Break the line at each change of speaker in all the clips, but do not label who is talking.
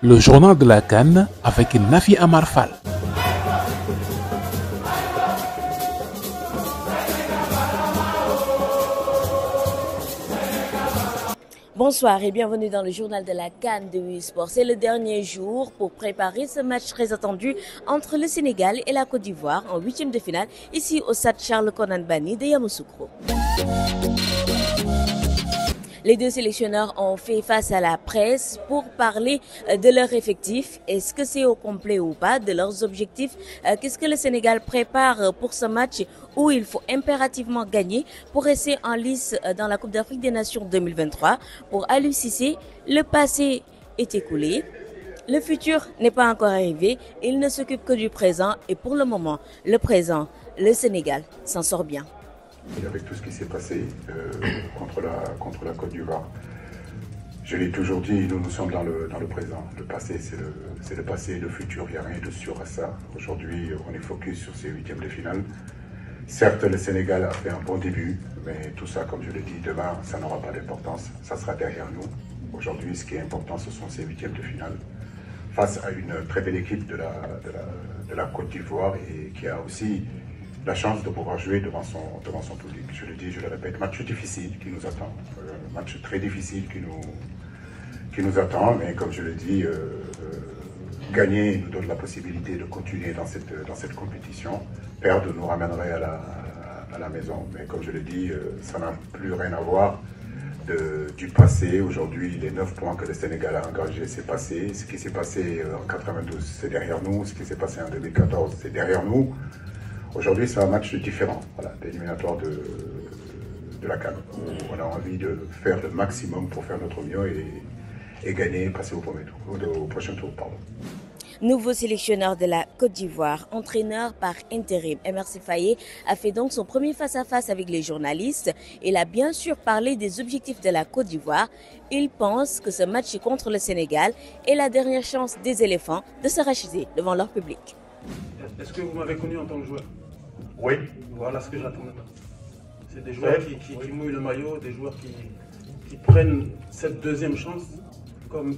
Le journal de la Cannes avec Nafi Amarfal.
Bonsoir et bienvenue dans le journal de la Cannes de Wii C'est le dernier jour pour préparer ce match très attendu entre le Sénégal et la Côte d'Ivoire en huitième de finale ici au Stade Charles Conan Bani de Yamoussoukro. Les deux sélectionneurs ont fait face à la presse pour parler euh, de leur effectif. Est-ce que c'est au complet ou pas de leurs objectifs euh, Qu'est-ce que le Sénégal prépare pour ce match où il faut impérativement gagner pour rester en lice euh, dans la Coupe d'Afrique des Nations 2023 Pour Alucissé, le passé est écoulé. Le futur n'est pas encore arrivé, il ne s'occupe que du présent et pour le moment, le présent, le Sénégal s'en sort bien
et avec tout ce qui s'est passé euh, contre, la, contre la Côte d'Ivoire. Je l'ai toujours dit, nous, nous sommes dans le, dans le présent. Le passé, c'est le, le, passé, le futur, il n'y a rien de sûr à ça. Aujourd'hui, on est focus sur ces huitièmes de finale. Certes, le Sénégal a fait un bon début, mais tout ça, comme je l'ai dit, demain, ça n'aura pas d'importance. Ça sera derrière nous. Aujourd'hui, ce qui est important, ce sont ces huitièmes de finale face à une très belle équipe de la, de la Côte d'Ivoire et qui a aussi la chance de pouvoir jouer devant son, devant son public. Je le dis, je le répète, match difficile qui nous attend. Euh, match très difficile qui nous, qui nous attend, mais comme je le dis, euh, euh, gagner nous donne la possibilité de continuer dans cette, dans cette compétition. Perdre nous ramènerait à la, maison. Mais comme je le dis, ça n'a plus rien à voir du passé. Aujourd'hui, les 9 points que le Sénégal a engagés, c'est passé. Ce qui s'est passé en 92, c'est derrière nous. Ce qui s'est passé en 2014, c'est derrière nous. Aujourd'hui, c'est un match différent, voilà, d'éliminatoire de, la CAN. Mm. On a envie de faire le maximum pour faire notre mieux et, gagner, passer au, premier tour, prochain tour.
Nouveau sélectionneur de la Côte d'Ivoire, entraîneur par intérim, MRC Fayet a fait donc son premier face-à-face -face avec les journalistes. Il a bien sûr parlé des objectifs de la Côte d'Ivoire. Il pense que ce match contre le Sénégal est la dernière chance des éléphants de se racheter devant leur public.
Est-ce que vous m'avez connu en tant que joueur Oui. Voilà
ce que j'attendais. C'est des joueurs qui, mouillent le maillot, des joueurs qui, prennent
cette deuxième chance comme,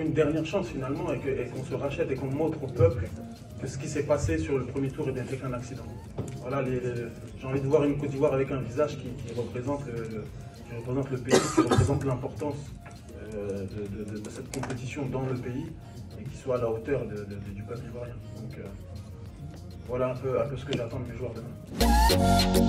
une dernière chance finalement et qu'on se rachète et qu'on montre au peuple que ce qui s'est passé sur le premier tour n'était qu'un accident. Voilà, j'ai envie de voir une Côte d'Ivoire avec un visage qui, représente le, pays, qui représente l'importance euh, de cette compétition dans le pays soit à la hauteur de, de, du peuple ivoirien. Donc euh, voilà un peu, un peu ce que j'attends de mes joueurs demain.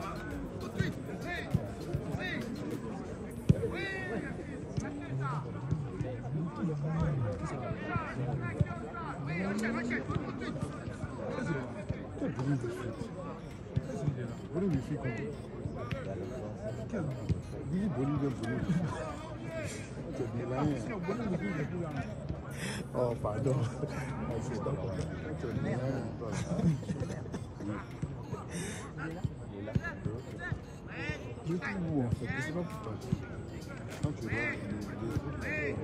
있을 건데. 미리 모르게 모르게. 어, 맞아. 유튜브 en fait, c'est pas plus facile. Quand tu vois les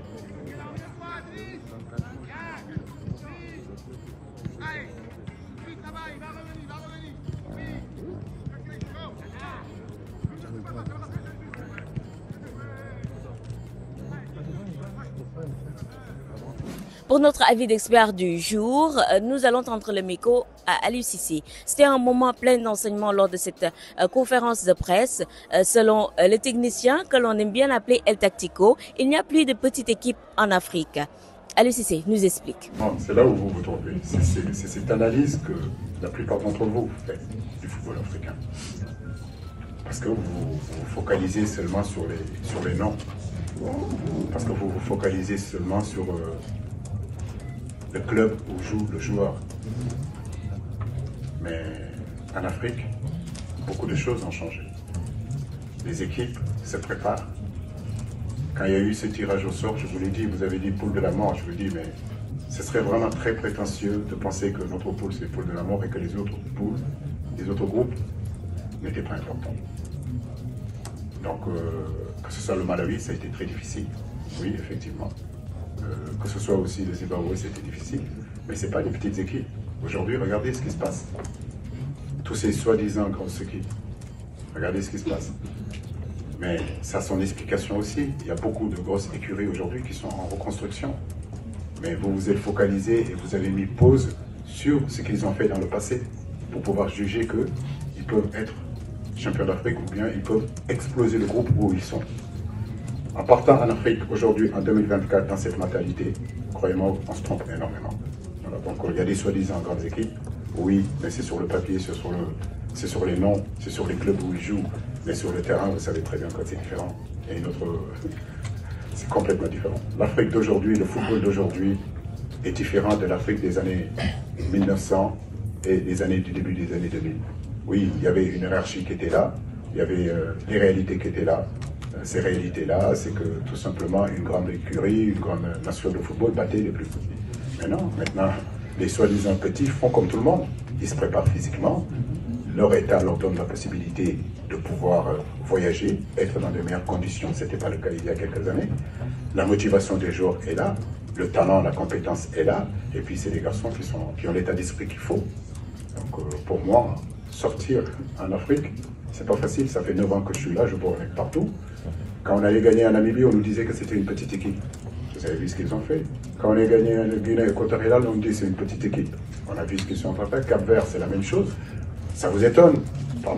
Allez, il va revenir, il va revenir. Oui. Pour notre avis d'expert du jour, euh, nous allons tendre le micro à Alucici. C'était un moment plein d'enseignements lors de cette euh, conférence de presse. Euh, selon le technicien que l'on aime bien appeler El Tactico, il n'y a plus de petite équipe en Afrique. Alucici nous explique. C'est là où vous vous trouvez. C'est
cette analyse que la plupart d'entre vous faites du football africain. Parce que vous vous focalisez seulement sur les, sur les noms. Parce que vous vous focalisez seulement sur euh, le club où joue le joueur. Mais en Afrique, beaucoup de choses ont changé. Les équipes se préparent. Quand il y a eu ce tirage au sort, je vous l'ai dit, vous avez dit poule de la mort, je vous dis, mais ce serait vraiment très prétentieux de penser que notre poule c'est poule de la mort et que les autres poules, les autres groupes n'était pas important. Donc, euh, que ce soit le Malawi, ça a été très difficile. Oui, effectivement. Euh, que ce soit aussi le Zimbabwe, c'était difficile. Mais ce n'est pas des petites équipes. Aujourd'hui, regardez ce qui se passe. Tous ces soi-disant grosses équipes. Regardez ce qui se passe. Mais ça a son explication aussi. Il y a beaucoup de grosses écuries aujourd'hui qui sont en reconstruction. Mais vous vous êtes focalisé et vous avez mis pause sur ce qu'ils ont fait dans le passé pour pouvoir juger qu'ils peuvent être champion d'Afrique, ou bien ils peuvent exploser le groupe où ils sont. En partant en Afrique aujourd'hui, en 2024, dans cette mentalité, croyez-moi, on se trompe énormément. Voilà, donc euh, il y a des soi-disant grandes équipes, oui, mais c'est sur le papier, c'est sur, le, sur les noms, c'est sur les clubs où ils jouent, mais sur le terrain, vous savez très bien que c'est différent. Et une autre, c'est complètement différent. L'Afrique d'aujourd'hui, le football d'aujourd'hui est différent de l'Afrique des années 1900 et des années du début des années 2000 oui, il y avait une hiérarchie qui était là, il y avait les euh, des réalités qui étaient là. Euh, ces réalités-là, c'est que tout simplement une grande écurie, une grande nation de football battait les plus petits. Mais non, maintenant, les soi-disant petits font comme tout le monde. Ils se préparent physiquement. Leur état leur donne la possibilité de pouvoir euh, voyager, être dans de meilleures conditions. Ce n'était pas le cas il y a quelques années. La motivation des joueurs est là. Le talent, la compétence est là. Et puis, c'est les garçons qui, sont, qui ont l'état d'esprit qu'il faut. Donc, pour moi, sortir en Afrique, c'est pas facile. Ça fait 9 ans que je suis là, je pourrais partout. Quand on allait gagner en Namibie, on nous disait que c'était une petite équipe. Vous avez vu ce qu'ils ont fait. Quand on a gagné le Guinée équatoriale, on nous dit c'est une petite équipe. On a vu ce qu'ils sont en train de faire. Cap Vert, c'est la même chose. Ça vous étonne, pas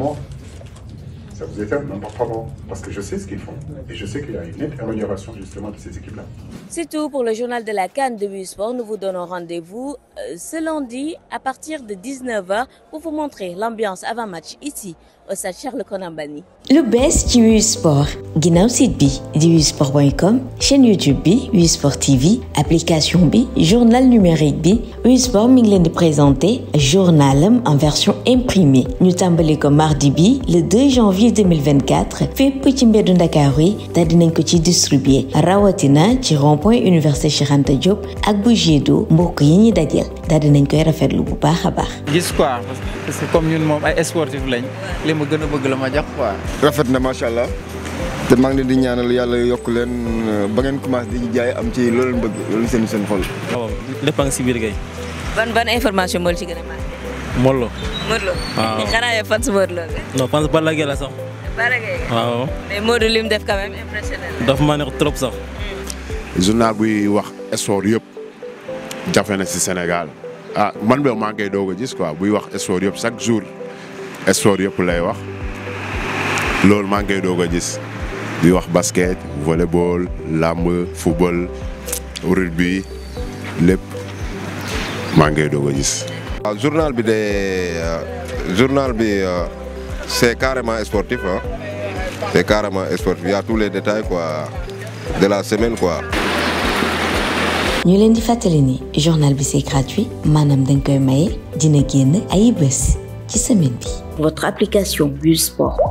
ça vous étonne Non, pas vraiment. Parce que je sais ce qu'ils font. Et je sais qu'il y a une nette amélioration justement de ces équipes-là.
C'est tout pour le journal de la Cannes de Busport. Nous vous donnons rendez-vous euh, ce lundi à partir de 19h pour vous montrer l'ambiance avant-match ici le Charles du Le best Sport ginnaaw site bi du sportcom chaîne YouTube bi Sport TV application bi journal numérique bi Wii Sport minglen présenté journal en version imprimée Nous sommes ko mardi bi le 2 janvier 2024 Fait ci mbeddu Ndakaaru yi te dinañ ko ci distribuer rawatina ci rond-point Université Cheikh Diop ak bu Gédo mbokk yi dinañ quoi
parce que comme ñun ay ma gën a bëgg la ma jox quoi. rafet na macha allah te maa ngi leen di ñaanal yàlla yokk leen ba ngeen commencé di jaay am ci loolu leen bëgg loolu seen seen xol. waaw lépp a ngi si
ban ban information moo ci gën a marqué. Modou Lo. ya Lo. waaw xanaa no fan pas la.
non fan Balla la sax. waaw.
mais Modou def quand même impressionné la.
daf maa neex trop sax. journal buy wax yëpp na Sénégal ah man boobu mangai ngi jis doog a gis quoi buy wax sport yëpp chaque jour. sport yëpp lay wax lool maa ngi koy gis di wax basket volleyball làmb football rugby lepp maa ngi koy gis. journal bi de euh, journal bi euh, c'est carrément sportif hein c'est carrément sportif il y a tous les détails quoi de la semaine quoi.
ñu leen di fàttali ni journal bi c'est gratuit maanaam dañ koy maye dina génn ay bés ci semaine bi votre application Busport.